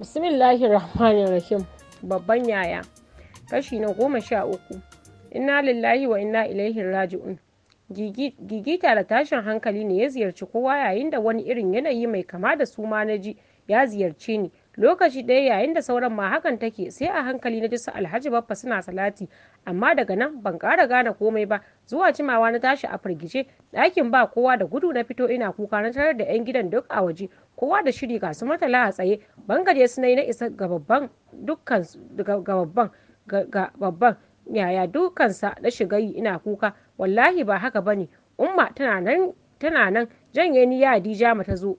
bismillahi rahmanir rahim babban yaya kashi na goma sha uku inna lillahi wa inna ilaihi raji'un gigita da tashin hankali ne ya ziyarci kowa yayin da wani irin yanayi mai kama da suma na ji ya ziyarce ni lokaci ɗaya yayin da sauran ma hakan take sai a hankali na jisa alhaji baffa suna salati amma daga nan ban ƙara gane komai ba zuwa jimawa na tashi a firgice ɗakin ba kowa da gudu na fito ina kuka na tarar da 'yan gidan duk a waje kowa da shiri ga su matala a tsaye gaje su na yi na isa ga babban dukkan ga babban ga babban yaya dukansa na shiga ina kuka wallahi ba haka bane umma tana nan tana nan janye ni ya Hadijama ta zo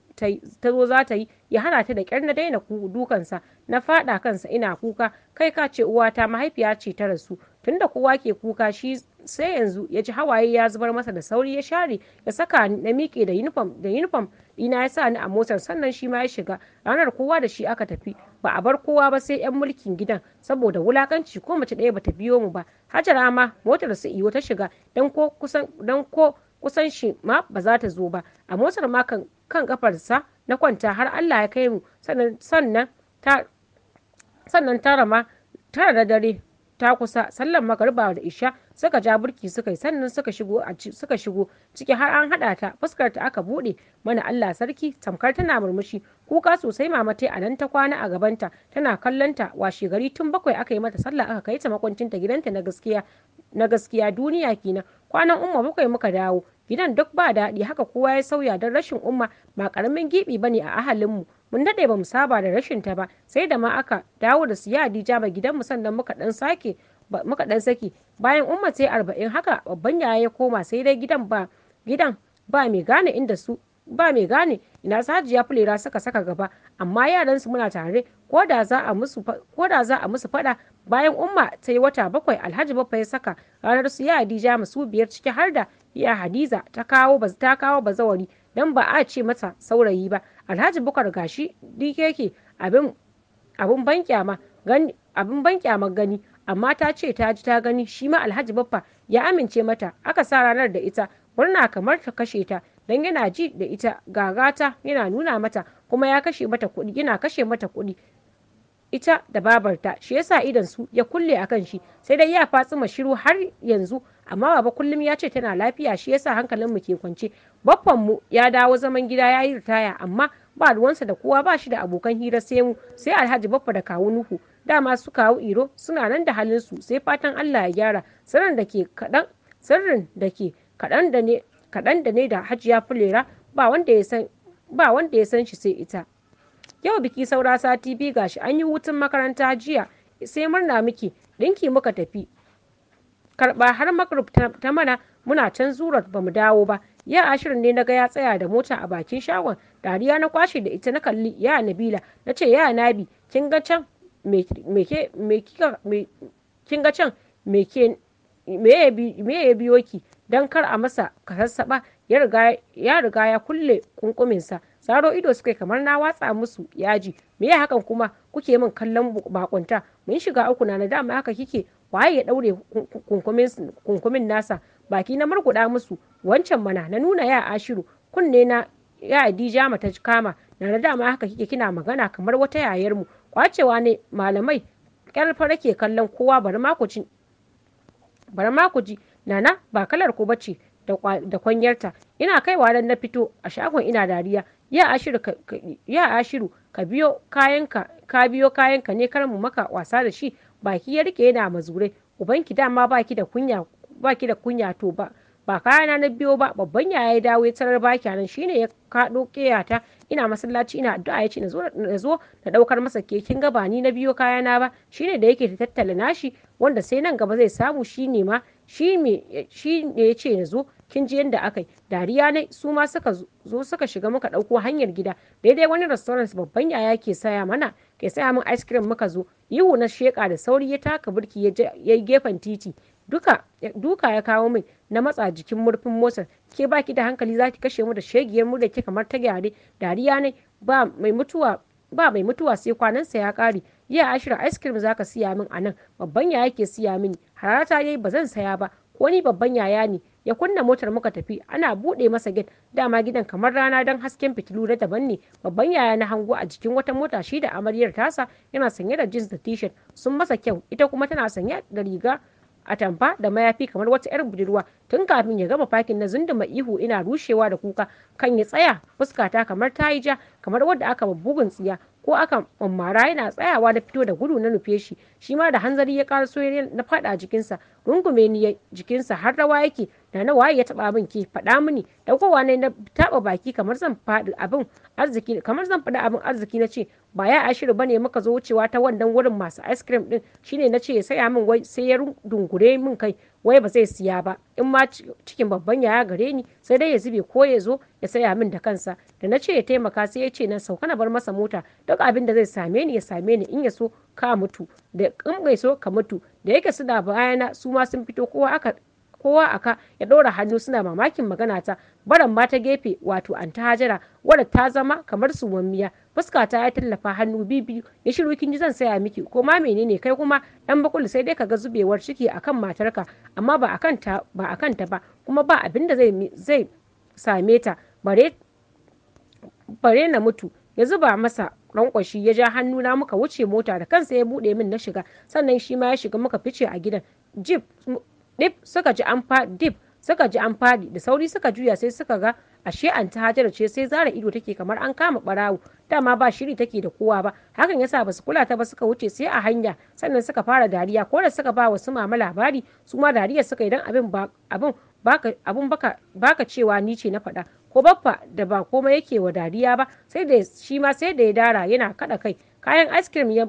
za ta yi ya hana ta da kyar na daina dukansa na faɗa kansa ina kuka kai ka ce uwata mahaifiya ce ta rasu tunda kowa ke kuka shi sai yanzu ya ji hawaye ya zubar masa da sauri ya share ya saka na miƙe da yunifom da uniform ina ya sa ni a motar sannan shi ma ya shiga ranar kowa da shi aka tafi ba a bar kowa ba sai yan mulkin gidan saboda wulakanci ko mace ɗaya bata biyo mu ba hajara ma motar su iyo ta shiga dan ko kusan dan ko kusan shi ma ba za ta zo ba a motar ma kan kafarsa na kwanta har allah ya kai mu sannan ta tara da dare ta kusa sallan magariba da isha suka ja burki suka yi sannan suka shigo ciki har an hada ta fuskar ta aka bude mana Allah sarki tamkar tana murmushi kuka sosai mama tai anan ta kwana a gabanta tana kallonta washe gari tun bakwai aka yi mata sallah aka kai ta makwancin gidanta na gaskiya na gaskiya duniya kenan kwanan umma bakwai muka dawo gidan duk ba daɗi haka kowa ya sauya don rashin umma ba karamin gibi bane a ahalinmu mun daɗe ba mu saba da rashin ta ba sai da ma aka dawo da su ya Hadija ba mu sannan muka dan sake muka dan saki bayan umma sai arba'in haka babban yaya ya koma sai dai gidan ba gidan ba mai gane inda su ba mai gane ina sajiya fulera suka saka gaba amma yaransu muna tare ko da za a musu fada bayan umma ta yi wata bakwai alhaji bafa ya saka ranar su ya hadija masu biyar ciki har da ya hadiza ta kawo ta kawo bazawari dan ba a ce mata saurayi ba alhaji bukar gashi dikeke abin abin ban kyama gani abin ban kyama gani amma ta ce ta ji ta gani shi ma alhaji baffa ya amince mata aka sa ranar da ita murna kamar ta kashe ta don yana ji da ita ga gata yana nuna mata kuma ya kashe mata kuɗi yana kashe mata kuɗi ita da babarta shi yasa idan su ya kulle a kan shi sai dai ya fatsuma shiru har yanzu amma baba kullum ya ce tana lafiya shi yasa hankalin mu ke kwance baffan mu ya dawo zaman gida ya yi ritaya amma ba ruwansa da kowa ba shi da abokan hira sai mu sai alhaji baffa da kawu nuhu dama su kawu iro suna nan da halin su sai fatan Allah ya gyara sirrin da ke kaɗan sirrin da ke kaɗan da ne kaɗan da ne da hajiya fulera ba wanda ya san shi sai ita yau biki saura sati biyu gashi an yi hutun makaranta jiya sai murna miki ɗinki muka tafi karɓa har magrib ta mana muna can zurar bamu dawo ba ya ashirin ne na ga ya tsaya da mota a bakin shagon dariya na kwashe da ita na kalli ya nabila na ce ya nabi kin ga can me ya biyo ki don kar a masa kasassaɓa ya riga ya kulle kunkuminsa Tsaro ido suka kamar na watsa musu yaji me ya hakan kuma kuke min kallon bakunta mun shiga uku na dama haka kike waye ya daure kunkumin nasa baki na marguda musu wancan mana na nuna ya ashiru kunne na ya adija mata kama na dama haka kike kina magana kamar wata yayar mu kwacewa ne malamai kyar fara ke kallon kowa bari ma ku ji nana ba kalar ku bace da kwanyarta ina kaiwa dan na fito a shagon ina dariya ya ashiru ka, ashiru ka biyo kayanka ka ne karmu maka wasa da shi baki ya rike yana mazurai ubanki dama baki da kunya baki da kunya to ba ba kayana na biyo ba babban yaya ya dawo ya tarar baki nan shine ya kaɗo ƙeyata ina masallaci ina addu'a ya ce na zo na ɗaukar masa kekin gaba ni na biyo kayana ba shine da yake tattala nashi wanda sai nan gaba zai samu shine ma shi ne ya ce na zo kin ji yadda aka yi dariya ne su ma suka zo suka shiga muka ɗauko hanyar gida daidai wani restaurant babban yaya ke saya mana ke saya min ice cream muka zo ihu na sheka da sauri ya taka birki ya gefen titi duka ya kawo min na matsa jikin murfin motar ke baki da hankali zaki kashe mu da shegiyar mu da ke kamar ta gyare dariya ne ba mai mutuwa ba mai mutuwa sai kwanansa ya ƙare yi ashira ice cream ka siya min a nan babban yaya ke siya mini ta yayi ba zan saya ba ko ni babban yaya ne ya kunna motar muka tafi ana buɗe masa gate dama gidan kamar rana don hasken fitilu na daban ne babban yaya na hango a jikin wata mota shi da amaryar tasa yana sanye da jeans da t-shirt sun masa kyau ita kuma tana sanye da riga atamfa da mayafi kamar wata 'yar budurwa tun kafin ya gama fakin na zunduma ihu ina rushewa da kuka kan ya tsaya fuskata kamar ta yi ja kamar wadda aka bugun tsiya ko aka mara yana tsayawa na fito da gudu na nufe shi shi ma da hanzari ya karaso na faɗa jikinsa rungume ni jikinsa har rawa yake na na waye ya taba abin ke faɗa mini daukowa ne na taba baki kamar zan faɗi abin arziki kamar zan faɗi abin arziki na ce ba ya ashiru bane muka zo wucewa ta wannan wurin masu ice cream din shine na ce saya min wai sai ya dungure min kai wai ba zai siya ba in ma cikin babban yaya gare ni sai dai ya zube ko ya zo ya saya min da kansa da na ce ya taimaka sai ya ce na sauka na bar masa mota duk abin da zai same ni ya same ni in ya so ka mutu da in bai so ka mutu da yake su da bayana su ma sun fito kowa aka kowa aka ya ɗora hannu suna mamakin magana ta baran ma ta gefe wato an ta hajara wadda ta zama kamar suwammiya fuska ta ya tallafa hannu bibiyu ya shiru kin ji zan saya miki ko ma menene kai kuma dan bakul sai dai kaga zubewar ciki akan matarka amma ba akan ta ba akan ta ba kuma ba abin da zai zai same ta bare bare na mutu ya zuba masa rankwashi ya ja hannu na muka wuce mota da kansa ya bude min na shiga sannan shi ma ya shiga muka fice a gidan jeep dip suka ji an faɗi dip suka ji an faɗi da sauri suka juya sai suka ga ashe an ta hajara ce sai zara ido take kamar an kama barawo dama ba shiri take da kowa ba hakan yasa ba su kula ta ba suka wuce sai a hanya sannan suka fara dariya ko da suka ba wasu mama labari su ma dariya suka idan abin abin baka abun baka baka cewa ni ce na faɗa ko baffa da ba komai yake wa dariya ba sai da shi ma sai da ya dara yana kada kai kayan ice cream ya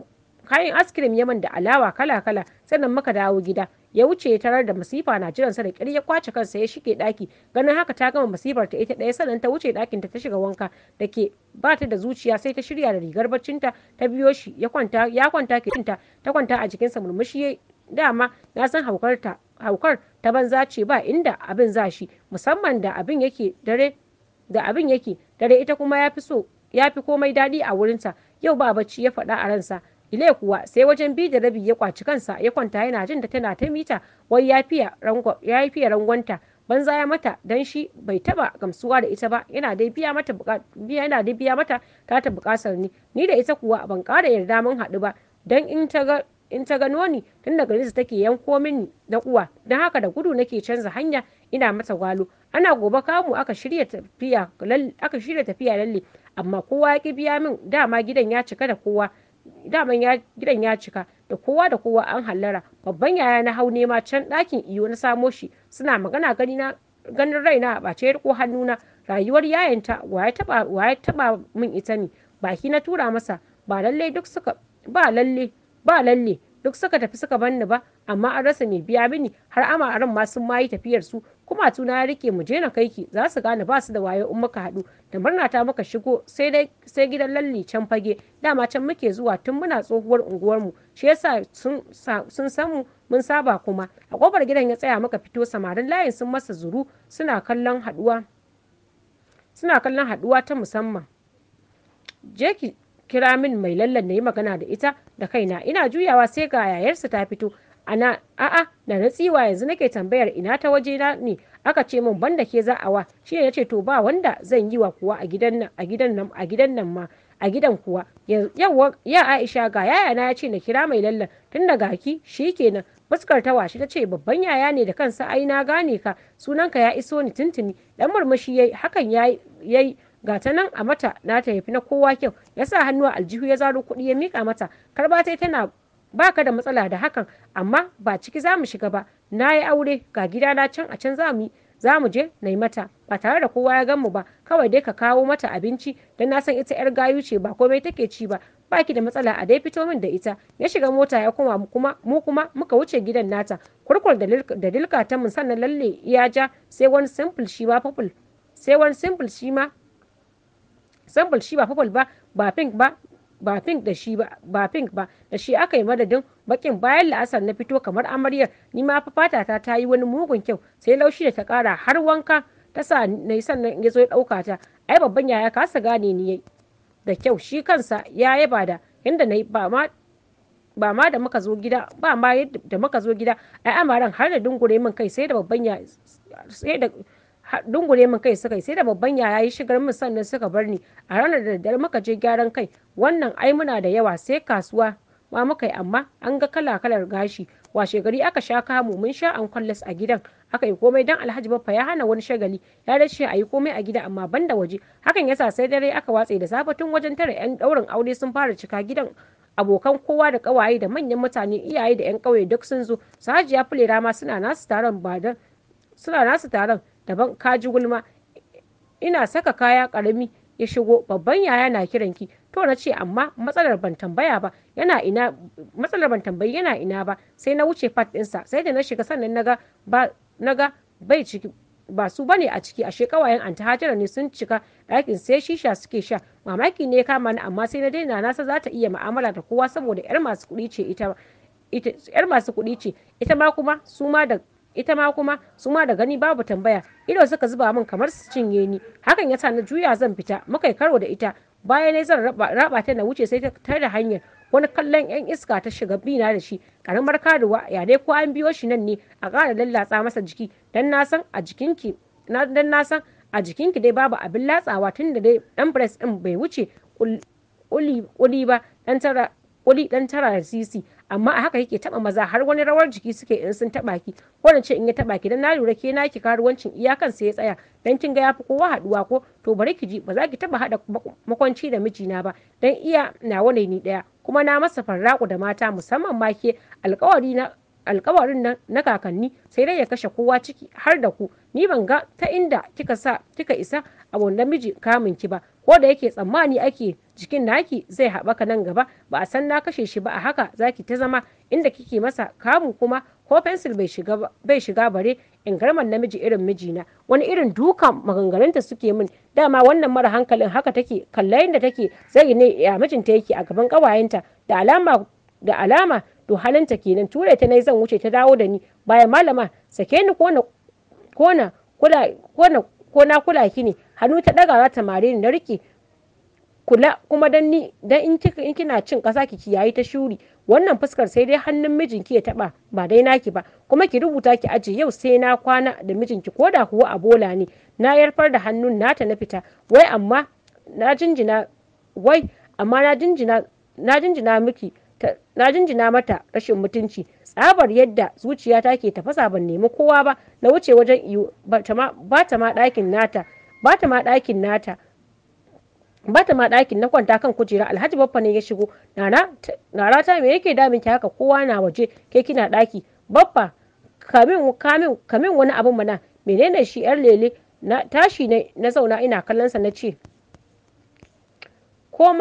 kayan askirim yaman da alawa kala-kala sannan muka dawo gida ya wuce ya tarar da masifa na jiransa da ƙyar ya kwace kansa ya shige ɗaki ganin haka ta gama masifar ta ita daya sannan ta wuce dakin ta shiga wanka da ke bata da zuciya sai ta shirya da rigar baccinta ta biyo shi ya kwanta ya kwanta ta kwanta a jikinsa murmushi dama na san haukar ta haukar ta banza ce ba inda abin za shi musamman da abin yake dare da abin yake dare ita kuma ya fi komai daɗi a wurinsa yau ba bacci ya faɗa a ransa ile kuwa sai wajen bi da rabi ya kwaci kansa ya kwanta yana jin da tana ta mita wai ya fiya rangwanta banza ya mata dan shi bai taba gamsuwa da ita ba yana dai biya mata yana dai biya mata ta ta bukasar ni ni da ita kuwa ban kara yarda mun haɗu ba dan in ta ga in ta gano ni tun daga nesa take yanko mini da uwa dan haka da gudu nake canza hanya ina mata gwalo ana gobe kamu aka shirya tafiya aka shirya tafiya lalle amma kowa ya ki biya min dama gidan ya cika da kowa daman ya gidan ya cika da kowa da kowa an hallara babban yaya na hau nema can ɗakin iyo na samo shi suna magana gani na ganin raina a ɓace ko riko hannuna rayuwar yayanta wa ya taba min ita ne baki na tura masa ba lalle duk suka ba lalle ba lalle duk suka tafi suka banni ba amma an rasa mai biya mini har amaren ma sun mayi tafiyar su kumatu na ya rike mu je na kaiki ki za su gane ba su da waye in muka haɗu da murna ta muka shigo sai dai sai gidan lalli can fage dama can muke zuwa tun muna tsohuwar unguwar mu shi yasa sun san mu mun saba kuma a kofar gidan ya tsaya muka fito samarin layin sun masa zuru suna kallon haɗuwa suna kallon haɗuwa ta musamman je ki kira min mai lallan na yi magana da ita da kaina ina juyawa sai ga yayarsa ta fito ana a'a da na tsiwa yanzu nake tambayar ina ta waje na ne aka ce min banda ke za a wa shi ya ce to ba wanda zan yi wa kuwa a gidan nan a gidan nan a gidan nan ma a gidan kuwa yawa ya Aisha ga yaya na ya ce na kira mai lallan tun daga ki kenan. fuskar ta washe ta ce babban yaya ne da kansa ai na gane ka sunanka ya iso ni tuntuni dan murmushi yayi hakan yayi yayi ga ta nan a mata na ta na kowa kyau ya sa hannu a aljihu ya zaro kuɗi ya mika mata karba tana ba ka da matsala da hakan amma ba ciki za mu shiga ba na yi aure ga gida na can a can za za mu je na yi mata ba tare da kowa ya gan mu ba kawai dai ka kawo mata abinci don na san ita yar gayu ce ba komai take ci ba baki da matsala a dai fito min da ita ya shiga mota ya koma kuma mu kuma muka wuce gidan nata kurkur da dilka ta mun sannan lalle ya ja sai wani simple shi ma purple sai wani simple shi ma simple shi ba purple ba ba pink ba ba pink da shi ba ba pink ba da shi aka yi madadin bakin bayan la'asar na fito kamar amaryar ni ma fata ta ta yi wani mugun kyau sai laushi da ta kara har wanka ta sa na sannan ya zo ya dauka ta ai babban yaya ka sa gane ni da kyau shi kansa ya yaba da inda na ba ma ba ma da muka zo gida ba ma da muka zo gida ai amaran har da dungure min kai sai da babban ya sai da dungure min kai suka yi sai da babban yaya ya shigar min sannan suka bar ni a ranar da daddare muka je gyaran kai wannan ai muna da yawa sai kasuwa ma muka yi amma an ga kala kalar gashi washe gari aka sha kamu mun sha an kwallas a gidan aka yi komai dan alhaji baffa ya hana wani shagali ya dace a yi komai a gida amma banda waje hakan yasa sai dare aka watse da safe tun wajen tara yan daurin aure sun fara cika gidan abokan kowa da kawaye da manyan mutane iyaye da yan kauye duk sun zo su hajiya fulera ma suna nasu taron ba suna nasu taron daban ka ji gulma ina saka kaya karami ya shigo babban yaya na kiran ki to na ce amma matsalar ban tambaya ba yana ina matsalar ban tambayi yana ina ba sai na wuce fat ɗinsa sai da na shiga sannan naga ba naga bai ciki ba su bane a ciki ashe kawayen anta hajara ne sun cika ɗakin sai shisha suke sha mamaki ne kama ni amma sai na daina nasa za ta iya mu'amala da kowa saboda yar masu kuɗi ce ita yar masu kuɗi ce ita ma kuma su ma da ita ma kuma su ma da gani babu tambaya ido suka zuba min kamar su cinye ni hakan yasa na juya zan fita muka yi karo da ita bayan ne zan raba ta na wuce sai ta da hanyar wani kallon yan iska ta shiga bina da shi karamar karuwa ya dai ko an biyo shi nan ne a ƙara lallatsa masa jiki dan na san a jikin ki na san a jikinki dai babu abin latsawa tun da dai dan press din bai wuce kuli ba dan tara kuli dan tara sisi amma a haka yake taba maza har wani rawar jiki suke in sun taba ki ko ce in ya taba ki dan na lura ke naki karuwancin iyakan sai ya tsaya dan kin ga yafi kowa haduwa ko to bari ki ji ba za ki taba hada makwanci da miji na ba dan iya na wani ni daya kuma na masa farraku da mata musamman ma ke alkawari na alkawarin nan na kakanni sai dai ya kashe kowa ciki har da ku ni ban ga ta inda kika sa kika isa abun namiji kamun ki ba ko da yake tsammani ake jikin naki zai haɓaka nan gaba ba a san na kashe shi ba a haka zaki ta zama inda kike masa kamu kuma ko fensil bai shiga bare in garman namiji irin mijina wani irin dukan maganganunta suke min dama wannan mara hankalin haka take kalla da take zai ne ya mijinta yake a gaban ƙawayenta da alama da alama to halinta kenan ture ta na zan wuce ta dawo da ni bayan malama sake ni ko na kula ki ne hannu ta ɗaga za ta mare ni na rike kula kuma dan ni dan in kika in kina cin kasa ki kiyayi ta shuri wannan fuskar sai dai hannun mijinki ya taba ba dai naki ba kuma ki rubuta ki aje yau sai na kwana da mijinki ko da kuwa a bola ne na yarfar da hannun nata na fita wai amma na jinjina wai amma na jinjina na jinjina miki na jinjina mata rashin mutunci tsabar yadda zuciyata ke tafasa ban nemi kowa ba na wuce wajen iyo ba ta ma ɗakin nata ba ma ɗakin nata bata ma ɗakin na kwanta kan kujera alhaji baffa ne ya shigo nana ta me yake damin ki haka kowa na waje ke kina ɗaki baffa kamin kamin wani abin mana menene shi yar lele na tashi na zauna ina kallon sa na ce ko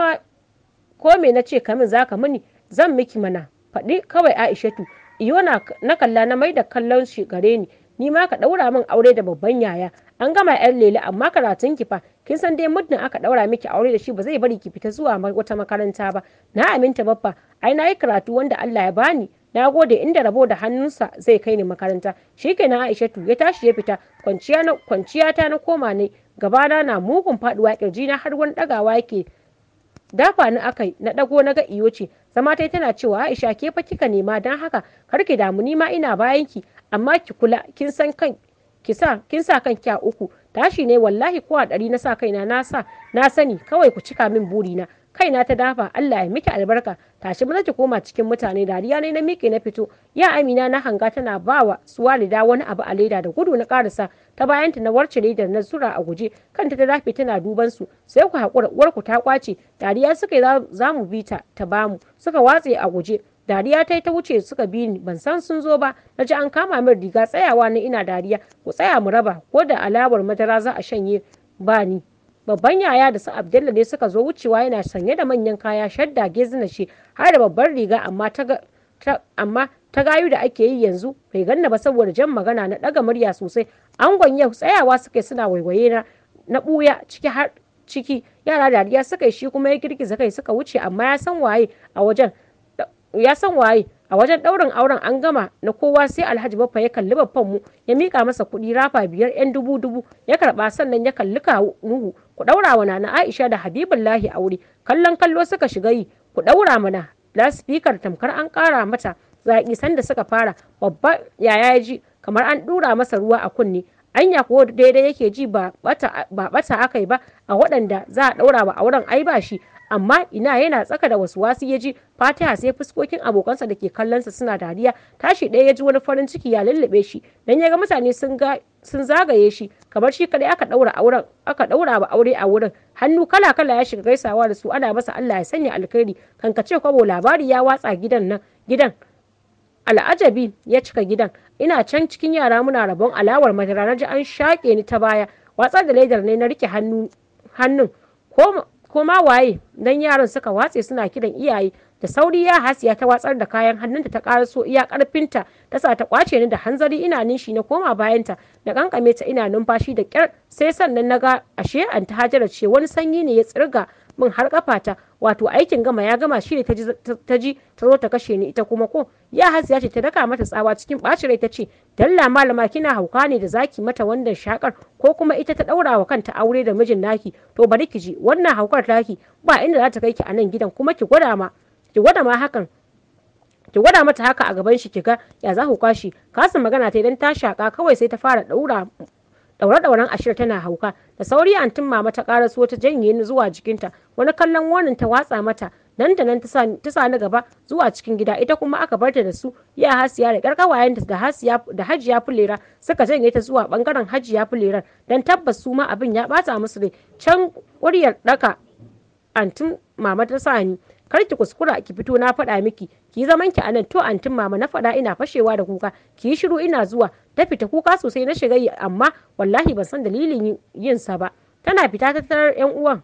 ko me na ce kamin zaka mini zan miki mana faɗi kawai aishatu iyo na kalla na mai da kallon shi gare ni ni ma ka ɗaura min aure da babban yaya an gama yan lele amma karatun ki fa kin san dai muddin aka daura miki aure da shi ba zai bari ki fita zuwa wata makaranta ba na aminta babba ai na yi karatu wanda Allah ya bani na gode inda rabo da hannunsa zai kai ni makaranta shikenan Aishatu ya tashi ya fita kwanciya na kwanciya ta na koma ne gabana na mugun faduwa kirji na har wani dagawa yake dafa ni akai na dago na ga iyo ce zama tai tana cewa Aisha ke fa kika nema dan haka kar ki damu ni ma ina bayan ki amma ki kula kin san kai. kisa kin sa kan kya uku tashi ne wallahi ko a ɗari na sa kaina na sa na sani kawai ku cika min burina kaina ta dafa Allah ya miki albarka tashi mu ki koma cikin mutane dariya ne na miƙe na fito ya amina na hanga tana bawa da wani abu a leda da gudu na karasa ta bayanta na warce leda na zura a guje kanta ta dafe tana duban su sai ku haƙura ku ta kwace dariya suka za mu bi ta ta bamu suka watse a guje dariya ta ta wuce suka bi ni ban san sun zo ba na ji an kama min riga tsayawa na ina dariya ku tsaya mu raba ko da alawar madara za a shanye ba ni babban yaya da su abdulla ne suka zo wucewa yana sanye da manyan kaya shadda gezina shi. har da babbar riga amma ta amma ta gayu da ake yi yanzu bai ganna ba saboda jan magana na daga murya sosai angon yau tsayawa suke suna waiwaye na na buya ciki har ciki yara dariya suka yi shi kuma ya girgiza kai suka wuce amma ya san waye a wajen ya san waye a wajen ɗaurin auren an gama na kowa sai alhaji baffa ya kalli baffan mu ya mika masa kuɗi rafa biyar yan dubu dubu ya karɓa sannan ya kalli ka nuhu ku ɗaura wa nana aisha da habibullahi aure kallon kallo suka shiga yi ku ɗaura mana laspikar tamkar an ƙara mata zaƙi sanda suka fara babba yaya ji kamar an ɗura masa ruwa a kunne anya ko daidai yake ji ba bata aka yi ba a waɗanda za a ɗaura wa auren ai ba shi amma ina yana tsaka da wasu wasu ya ji fatiha sai fuskokin abokansa da ke kallonsa suna dariya tashi ɗaya ya ji wani farin ciki ya lullube shi dan ya ga mutane sun zagaye shi kamar shi kadai aka ɗaura auren aka ɗaura ba aure a wurin hannu kala kala ya shiga gaisawa da su ana masa Allah ya sanya alkhairi kankace kwabo labari ya watsa gidan nan gidan al'ajabi ya cika gidan ina can cikin yara muna rabon alawar madara na ji an shaƙe ni ta baya watsar da ledar ne na rike hannun ko ma waye dan yaran suka watse suna kiran iyaye da sauri ya hasiya ta watsar da kayan hannunta ta karaso iya karfinta ta sa ta kwace ni da hanzari ina nishi na koma bayanta na kankame ta ina numfashi da kyar sai sannan na ga ashe an ta hajara ce wani sanyi ne ya tsirga min har kafata wato aikin gama ya gama shi ne ta ji ta zo ta kashe ni ita kuma ko ya ya ce ta daka mata tsawa cikin bacin rai ta ce dalla malama kina hauka ne da zaki mata wannan shakar ko kuma ita ta daura wa kanta aure da mijin naki to bari ki ji wannan haukar taki ba inda za ta kai ki a nan gidan kuma ki gwada ma ki gwada ma hakan ki gwada mata haka a gaban shi ki ga ya za ku kwashi kasin magana ta idan ta shaka kawai sai ta fara daura daure-dauren ashir tana hauka da sauri antin mama ta karaso ta janye ni zuwa jikinta wani kallon wannan ta watsa mata nan da nan ta sani gaba zuwa cikin gida ita kuma aka barta da su ya hasiya da karkawayen da hasiya da hajiya fulera suka janye ta zuwa bangaren hajiya fulerar dan tabbas su ma abin ya bata musu rai can kuryar daka antin mama ta sani kar ki kuskura ki fito na faɗa miki ki zaman ki anan to antin mama na faɗa ina fashewa da kuka ki yi shiru ina zuwa ta fita kuka sosai na shiga amma wallahi ban san dalilin yin sa ba tana fita ta tarar yan uwan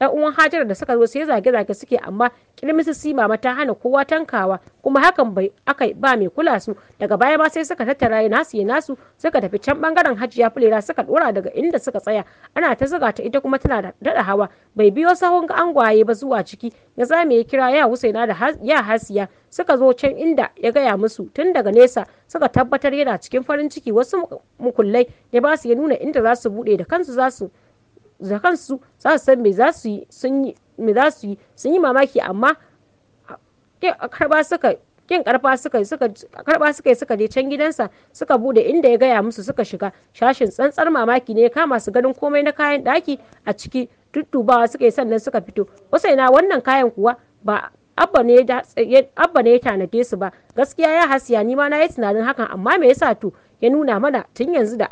yan uwan hajara da suka zo sai zage-zage suke amma kilmisu sima ta hana kowa tankawa kuma hakan bai aka ba mai kula su daga baya ma sai suka tattara ya nasu ya nasu suka tafi can bangaren hajiya fulera suka dora daga inda suka tsaya ana ta zuga ta ita kuma tana da dada hawa bai biyo sahun ga angwaye ba zuwa ciki ya zame ya kira ya husaina da ya hasiya suka zo can inda ya gaya musu tun daga nesa suka tabbatar yana cikin farin ciki wasu mukullai ya ba su ya nuna inda za su bude da kansu za su da kansu za su san me za su yi sun yi me za su yi sun yi mamaki amma kin karba suka suka suka je can gidansa suka bude inda ya gaya musu suka shiga shashin tsantsar mamaki ne ya kama su ganin komai na kayan daki a ciki tuttubawa suka yi sannan suka fito na wannan kayan kuwa ba abba ne ya tanade su ba gaskiya ya hasiya ni ma na yi tunanin hakan amma me yasa to ya nuna mana tun yanzu da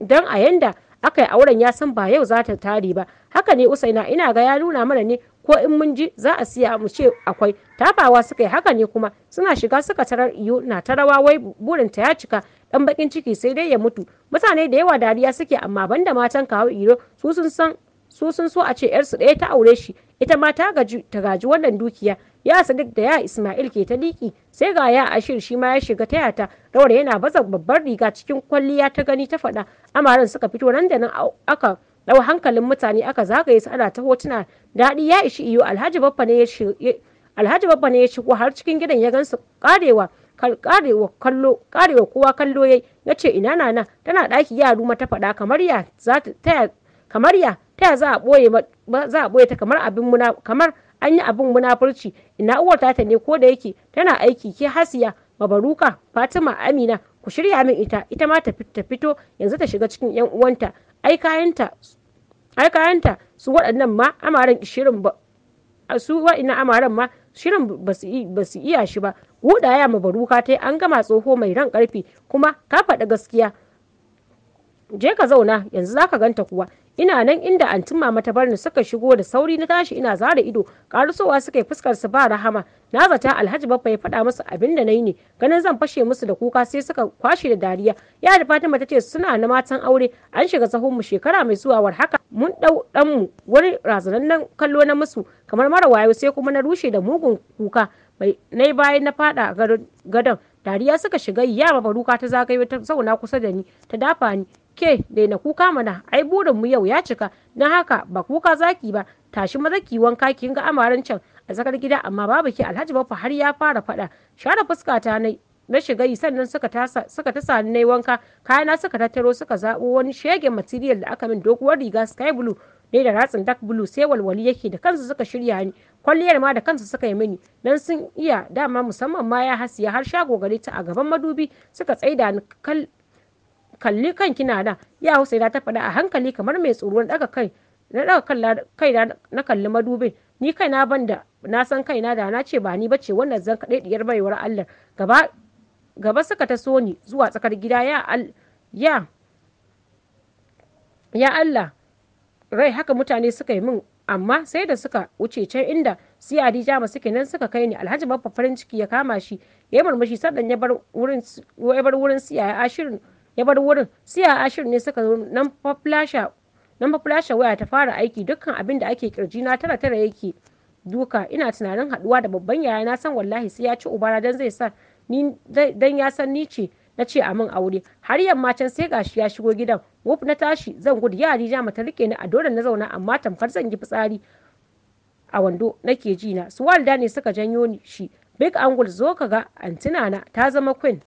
dan a yanda aka yi auren ya san ba yau za ta tare ba haka ne usaina ina ga ya nuna mana ne ko in mun ji za a siya mu ce akwai tafawa suka yi haka ne kuma suna shiga suka tarar iyo na ta rawa burin ta ya cika dan bakin ciki sai dai ya mutu mutane da yawa dariya suke amma banda matan kawo iro su sun san su sun so a ce yarsu ɗaya ta aure shi ita ma ta gaji ta gaji wannan dukiya ya sadiq da ya ismail ke ta liki sai ga ya ashir shi ma ya shiga tayata. rawar yana baza babbar riga cikin kwalliya ta gani ta faɗa amaran suka fito nan da nan aka dau hankalin mutane aka zagaye su ana ta hotuna daɗi ya ishi iyo alhaji babba ne ya alhaji babba ne ya shigo har cikin gidan ya gansu karewa karewa kallo karewa kowa kallo yayi yace ina nana tana ɗaki ya ruma ta faɗa kamar ya za ta kamar ya ta za a ɓoye za a ɓoye ta kamar abin muna kamar an yi abin munafurci ina uwar tata ne ko da yake tana aiki ke hasiya mabaruka fatima amina ku shirya min ita ita ma ta fito yanzu ta shiga cikin yan uwanta ai kayanta su waɗannan ma amaran shirin ba su wa'ina amaran ma shirin ba su iya shi ba buɗa mabaruka ta an gama tsoho mai ran ƙarfi kuma ka faɗi gaskiya je ka zauna yanzu za ka ganta kuwa ina nan inda antin mama ta barni suka shigo da sauri na tashi ina zara ido karusowa suka yi fuskar su ba rahama na zata alhaji babba ya faɗa musu abin da nayi ne ganin zan fashe musu da kuka sai suka kwashe da dariya ya da fatima tace suna na matan aure an shiga sahun mu shekara mai zuwa war haka mun dau dan mu wani razanannen kallo na musu kamar mara wayo sai kuma na rushe da mugun kuka mai nai bayan na fada gadon dariya suka shiga yara baruka ta zagaye ta zauna kusa da ni ta dafa ni ke na kuka mana ai burin mu yau ya cika na haka ba kuka zaki ba tashi maza ki wanka kin ga amaren can a tsakar gida amma babu ki alhaji bafa har ya fara fada share fuska ta nai na shiga yi sannan suka tasa suka tasa nai wanka kayana suka tattaro suka zabo wani shege material da aka min doguwar riga sky blue ne da ratsin dark blue sai walwali yake da kansu suka shirya ni kwalliyar ma da kansu suka yi mini dan sun iya dama musamman ma ya hasiya har shago gare ta a gaban madubi suka tsaida ni kalli kan kina da ya husaina ta faɗa a hankali kamar mai tsoro na ɗaga kai na ɗaga kai na kalli madubin ni kai na banda na san kai na da na ce ba ni bace wannan zan kaɗai diyar baiwar Allah gaba gaba suka ta so ni zuwa tsakar gida ya ya ya Allah rai haka mutane suka yi min amma sai da suka wuce can inda su Adija ma suke nan suka kai ni Alhaji babba farin ciki ya kama shi ya murmushi sannan ya bar wurin ya ya ashirin ya bar wurin sai a ashirin ne suka zo nan faflasha waya ta fara aiki dukkan abin da ake kirji na tara tara yake duka ina tunanin haduwa da babban yaya na san wallahi sai ya ci ubara dan zai sa ni dan ya san ni ce na ce a min aure har yamma can sai gashi ya shigo gidan wuf na tashi zan gudu ya rija mata rike ni a dole na zauna amma tamkar zan yi fitsari a wando nake ji na su walda ne suka janyo ni shi big angle zo ka ga antina na ta zama queen